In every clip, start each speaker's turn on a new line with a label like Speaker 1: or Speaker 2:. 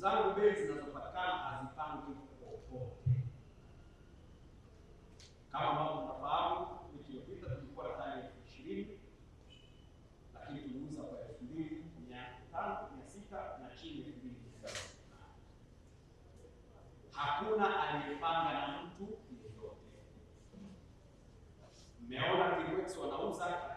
Speaker 1: zangu mbili zinazopatikana hazipangi popote. Kama ambavyo mnafahamu, wiki iliyopita tulikuwa na tani elfu ishirini lakini tuliuza kwa elfu mbili mia tano mia sita na chini elfu mbili mia saba Hakuna aliyepanga na mtu yeyote. Mmeona Timwex wanauza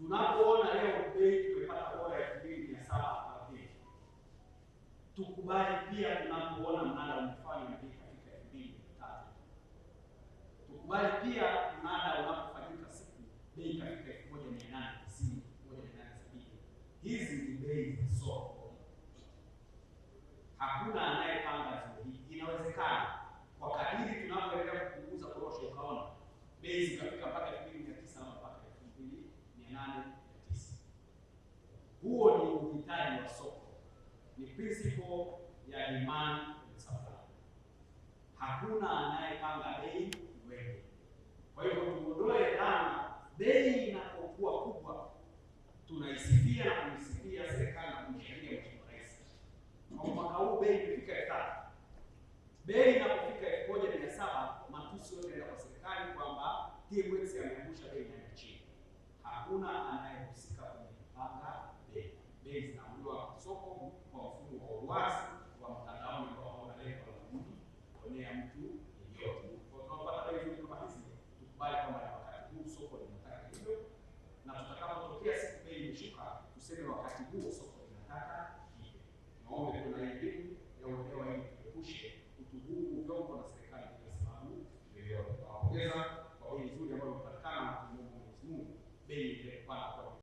Speaker 1: Tunapoona leo bei tumepata bora ya elfu mbili mia saba tukubali pia, tunapoona mnada mfano bei katika elfu mbili mia tatu tukubali pia, mnada unapofanyika siku bei katika elfu moja mia nane tisini moja mia nane sabini Hizi ni bei za soko, hakuna uhitaji wa soko. Ni principle ya demand and supply. Hakuna anayepanga bei wewe. Kwa hiyo tuondoe dhana bei inapokuwa kubwa tunaisifia na kuisifia serikali na kumshangilia Mheshimiwa Rais. Kwa mwaka huu bei imefika elfu tatu. Bei inapofika elfu moja mia saba matusi yote yanaenda kwa serikali kwamba TMX ameangusha bei ya chini. Hakuna ana portare a casa, ma comunque nessuno, qua